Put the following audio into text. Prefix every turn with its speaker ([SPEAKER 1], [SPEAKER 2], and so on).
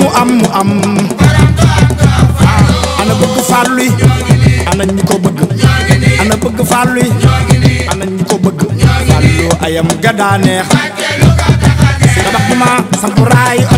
[SPEAKER 1] mu am mu am
[SPEAKER 2] ana bëgg fàllu yi ana ñu ko bëgg ana bëgg fàllu yi ana ñu ko bëgg fàllu ayam gadaane sabax ma sampuraay